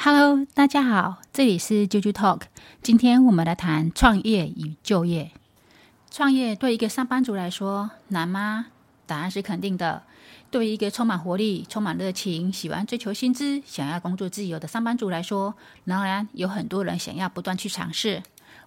Hello，大家好，這裡是 Juju Talk。今天我們來談創業與就業。創業對一個上班族來說難嗎？答案是肯定的。對於一個充滿活力、充滿熱情、喜歡追求薪資、想要工作自由的上班族來說，然而有很多人想要不斷去嘗試。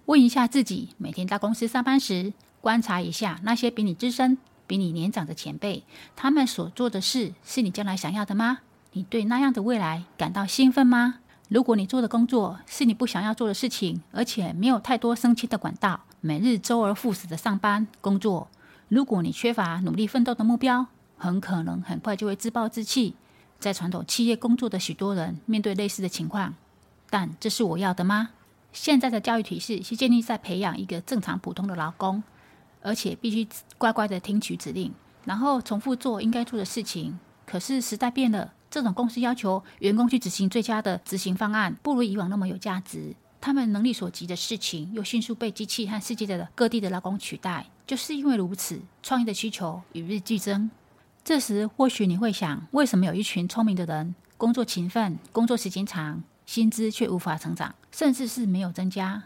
問一下自己，每天到公司上班時，觀察一下那些比你資深、比你年長的前輩，他們所做的事是你將來想要的嗎？你對那樣的未來感到興奮嗎？如果你做的工作是你不想要做的事情，而且沒有太多升遷的管道，每日周而復始的上班工作，如果你缺乏努力奮鬥的目標，很可能很快就會自暴自棄。在傳統企業工作的許多人面對類似的情況，但這是我要的嗎？現在的教育體系是建立在培養一個正常普通的勞工，而且必須乖乖的聽取指令，然後重複做應該做的事情。可是時代變了。這種公司要求員工去執行最佳的執行方案，不如以往那麼有價值。他們能力所及的事情，又迅速被機器和世界的各地的勞工取代。就是因為如此，創業的需求與日俱增。這時，或許你會想，為什麼有一群聰明的人，工作勤奮，工作時間長，薪資卻無法成長，甚至是沒有增加？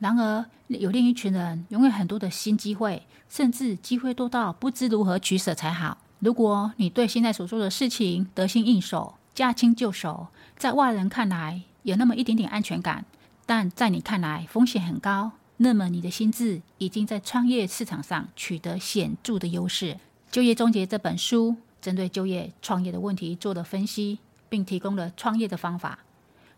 然而，有另一群人擁有很多的新機會，甚至機會多到不知如何取捨才好。如果你對現在所做的事情得心應手、駕輕就熟，在外人看來有那麼一點點安全感，但在你看來風險很高，那麼你的心智已經在創業市場上取得顯著的優勢。就業終結這本書針對就業、創業的問題做了分析，並提供了創業的方法。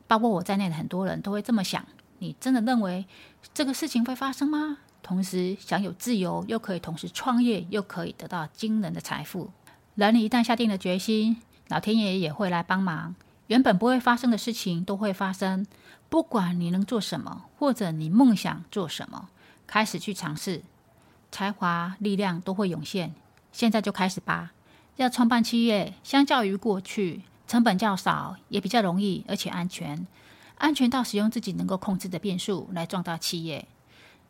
包括我在內的很多人都會這麼想：你真的認為這個事情會發生嗎？同時，享有自由，又可以同時創業，又可以得到驚人的財富。人一旦下定了決心，老天爺也會來幫忙。原本不會發生的事情都會發生。不管你能做什麼，或者你夢想做什麼，開始去嘗試，才華、力量都會湧現。現在就開始吧！要創辦企業，相較於過去，成本較少，也比較容易，而且安全，安全到使用自己能夠控制的變數來壯大企業。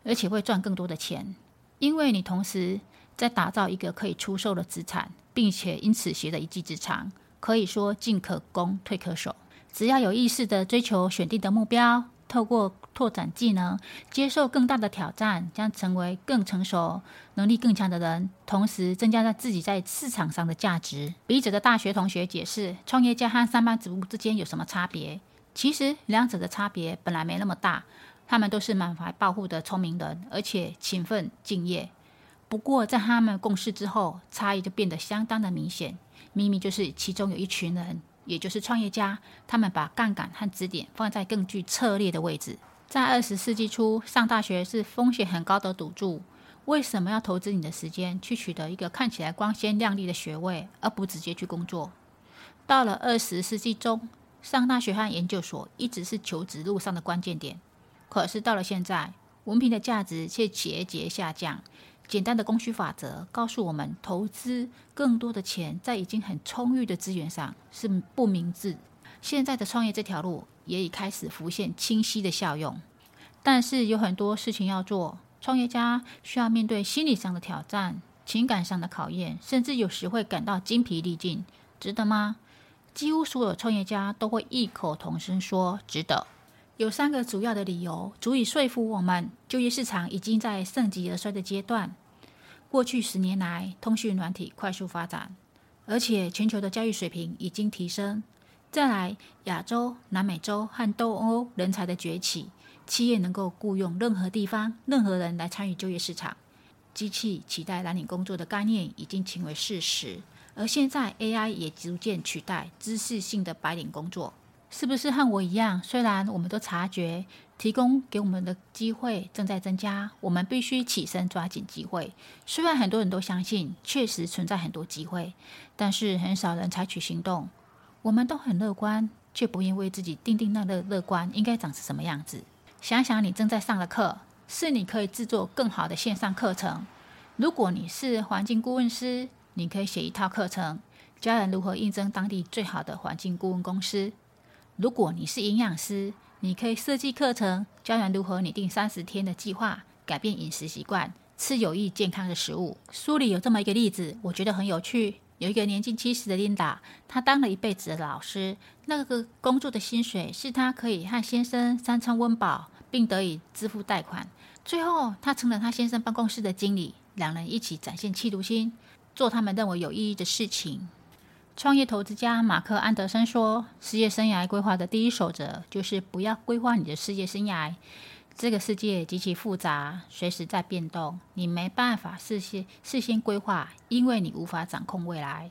而且會賺更多的錢，因為你同時在打造一個可以出售的資產，並且因此學得一技之長，可以說進可攻，退可守。只要有意識地追求選定的目標，透過拓展技能、接受更大的挑戰，將成為更成熟、能力更強的人，同時增加在自己在市場上的價值。筆者的大學同學解釋，創業家和上班族之間有什麼差別？其實兩者的差別本來沒那麼大。他們都是滿懷抱負的聰明人，而且勤奮敬業。不過，在他們共事之後，差異就變得相當的明顯。秘密就是，其中有一群人，也就是創業家，他們把槓桿和支點放在更具策略的位置。在二十世紀初，上大學是風險很高的賭注。為什麼要投資你的時間去取得一個看起來光鮮亮麗的學位，而不直接去工作？到了二十世紀中，上大學和研究所一直是求職路上的關鍵點。可是到了現在，文憑的價值卻節節下降。簡單的供需法則告訴我們，投資更多的錢在已經很充裕的資源上是不明智。現在的創業這條路也已開始浮現清晰的效用，但是有很多事情要做，創業家需要面對心理上的挑戰、情感上的考驗，甚至有時會感到筋疲力盡，值得嗎？幾乎所有創業家都會異口同聲說：“值得。”有三個主要的理由足以說服我們：就業市場已經在盛極而衰的階段。過去十年來，通訊軟體快速發展，而且全球的教育水平已經提升。再來，亞洲、南美洲和東歐人才的崛起，企業能夠僱傭任何地方、任何人來參與就業市場。機器取代藍領工作的概念已經成為事實，而現在 AI 也逐漸取代知識性的白領工作。是不是和我一樣？雖然我們都察覺，提供給我們的機會正在增加，我們必須起身抓緊機會。雖然很多人都相信，確實存在很多機會，但是很少人採取行動。我們都很樂觀，卻不願為自己訂定那個樂觀應該長成什麼樣子。想想你正在上的課，是你可以制作更好的線上課程。如果你是環境顧問師，你可以寫一套課程，教人如何應徵當地最好的環境顧問公司。如果你是營養師，你可以設計課程，教人如何擬定三十天的計劃，改變飲食習慣，吃有益健康的食物。書裡有這麼一個例子，我覺得很有趣。有一個年近七十的琳達，她當了一輩子的老師，那個工作的薪水是她可以和先生三餐溫飽，並得以支付貸款。最後，她成了她先生辦公室的經理，兩人一起展現企圖心，做他們認為有意義的事情。創業投資家馬克·安德森說：“事業生涯規劃的第一守則就是不要規劃你的事業生涯。這個世界極其複雜，隨時在變動，你沒辦法事先事先規劃，因為你無法掌控未來。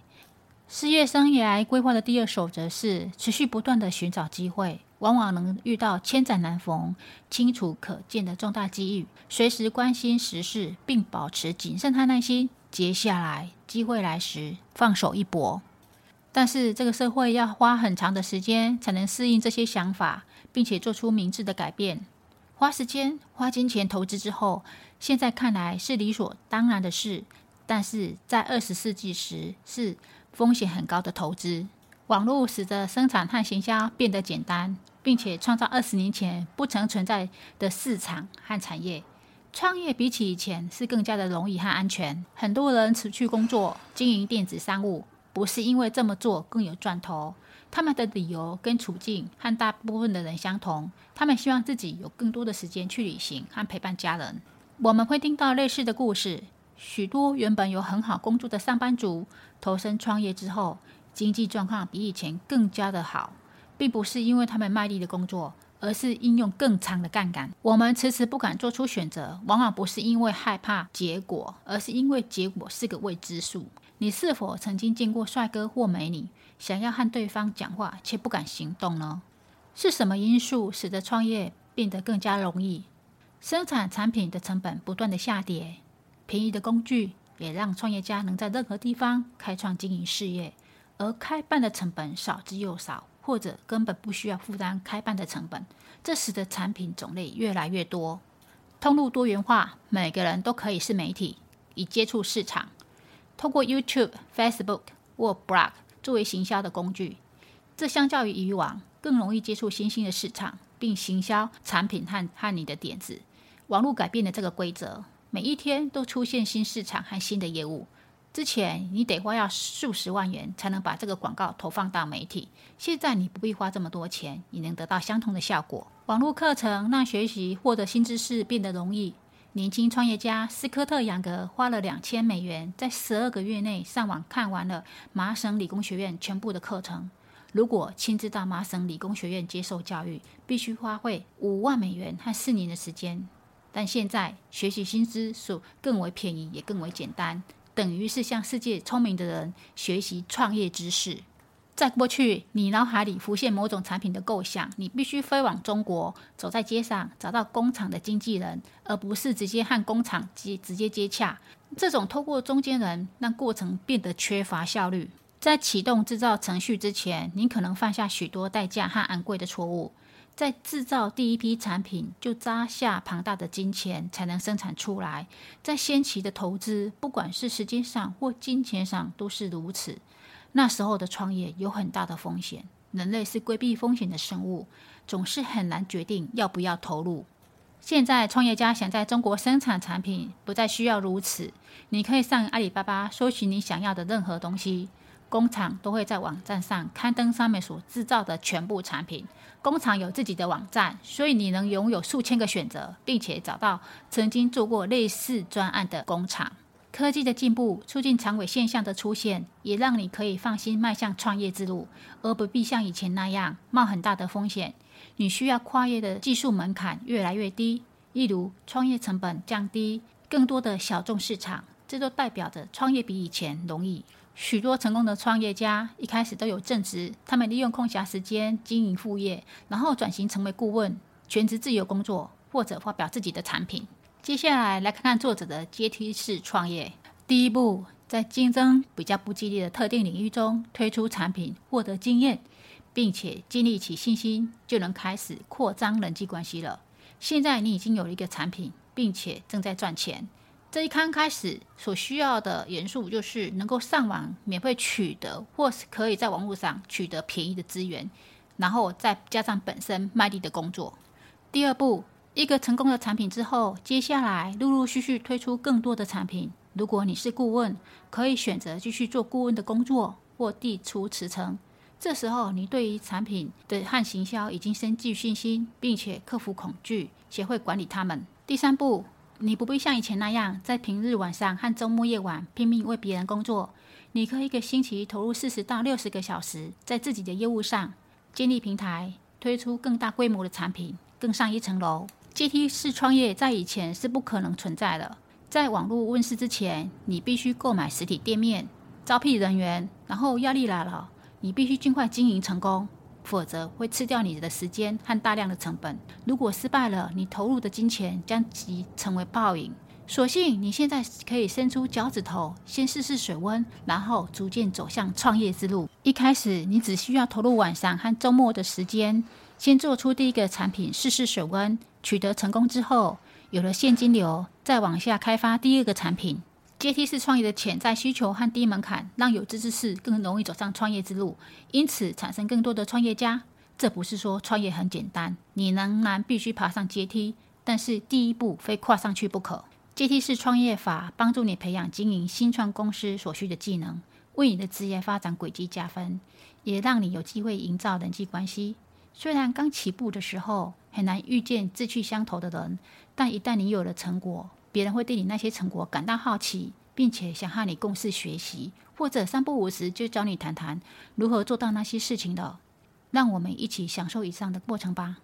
事業生涯規劃的第二守則是持續不斷的尋找機會，往往能遇到千載難逢、清楚可見的重大機遇。隨時關心時事，並保持謹慎和耐心。接下來機會來時，放手一搏。”但是，這個社會要花很長的時間才能適應這些想法，並且做出明智的改變。花時間、花金錢投資之後，現在看來是理所當然的事。但是在二十世紀時，是風險很高的投資。網絡使得生產和行銷變得簡單，並且創造二十年前不曾存在的市場和產業。創業比起以前是更加的容易和安全。很多人辭去工作，經營電子商務。不是因為這麼做更有賺頭，他們的理由跟處境和大部分的人相同。他們希望自己有更多的時間去旅行和陪伴家人。我們會聽到類似的故事：許多原本有很好工作的上班族投身創業之後，經濟狀況比以前更加的好，並不是因為他們賣力的工作，而是應用更長的槓桿。我們遲遲不敢做出選擇，往往不是因為害怕結果，而是因為結果是個未知數。你是否曾經見過帥哥或美女，想要和對方講話卻不敢行動呢？是什麼因素使得創業變得更加容易？生產產品的成本不斷的下跌，便宜的工具也讓創業家能在任何地方開創經營事業，而開辦的成本少之又少，或者根本不需要負擔開辦的成本，這使得產品種類越來越多，通路多元化，每個人都可以是媒體以接觸市場。透過 YouTube、Facebook 或 Blog 作為行銷的工具，這相較於以往更容易接觸新興的市場，並行銷產品和和你的點子。網絡改變了這個規則，每一天都出現新市場和新的業務。之前你得花要數十萬元才能把這個廣告投放到媒體，現在你不必花這麼多錢，你能得到相同的效果。網絡課程讓學習獲得新知識變得容易。年輕創業家斯科特·楊格花了兩千美元，在十二個月內上網看完了麻省理工學院全部的課程。如果親自到麻省理工學院接受教育，必須花費五萬美元和四年的時間。但現在學習新知識更為便宜，也更為簡單，等於是向世界聰明的人學習創業知識。在過去，你腦海裡浮現某種產品的構想，你必須飛往中國，走在街上找到工廠的經紀人，而不是直接和工廠接直接接洽。這種透過中間人讓過程變得缺乏效率。在啟動製造程序之前，你可能犯下許多代價和昂貴的錯誤，在製造第一批產品就砸下龐大的金錢才能生產出來。在先期的投資，不管是時間上或金錢上，都是如此。那時候的創業有很大的風險，人類是規避風險的生物，總是很難決定要不要投入。現在，創業家想在中國生產產品，不再需要如此。你可以上阿里巴巴搜尋你想要的任何東西，工廠都會在網站上刊登上面所制造的全部產品。工廠有自己的網站，所以你能擁有數千個選擇，並且找到曾經做過類似專案的工廠。科技的進步促進長尾現象的出現，也讓你可以放心邁向創業之路，而不必像以前那樣冒很大的風險。你需要跨越的技術門檻越來越低，例如創業成本降低、更多的小眾市場，這都代表着創業比以前容易。許多成功的創業家一開始都有正職，他們利用空暇時間經營副業，然後轉型成為顧問、全職自由工作，或者發表自己的產品。接下來來看看作者的階梯式創業。第一步，在競爭比較不激烈的特定領域中推出產品，獲得經驗，並且建立起信心，就能開始擴張人際關係了。現在你已經有了一個產品，並且正在賺錢。這一剛開始所需要的元素就是能夠上網免費取得，或是可以在網絡上取得便宜的資源，然後再加上本身賣力的工作。第二步。一個成功的產品之後，接下來陸陸續續推出更多的產品。如果你是顧問，可以選擇繼續做顧問的工作或遞出辭呈。這時候，你對於產品的和行銷已經深具信心，並且克服恐懼，學會管理他們。第三步，你不必像以前那樣在平日晚上和週末夜晚拼命為別人工作。你可以一個星期投入四十到六十個小時在自己的業務上，建立平台，推出更大規模的產品，更上一層樓。階梯式創業在以前是不可能存在的。在網絡問世之前，你必須購買實體店面、招聘人員，然後壓力來了，你必須盡快經營成功，否則會吃掉你的時間和大量的成本。如果失敗了，你投入的金錢將其成為泡影。所幸你現在可以伸出腳趾頭，先試試水溫，然後逐漸走向創業之路。一開始，你只需要投入晚上和周末的時間，先做出第一個產品，試試水溫。取得成功之後，有了現金流，再往下開發第二個產品。階梯式創業的潛在需求和低門檻，讓有志之士更容易走上創業之路，因此產生更多的創業家。這不是說創業很簡單，你仍然必須爬上階梯，但是第一步非跨上去不可。階梯式創業法幫助你培養經營新創公司所需的技能，為你的職業發展軌跡加分，也讓你有機會營造人際關係。雖然剛起步的時候很難遇見志趣相投的人，但一旦你有了成果，別人會對你那些成果感到好奇，並且想和你共事學習，或者三不五時就找你談談如何做到那些事情的。讓我們一起享受以上的過程吧。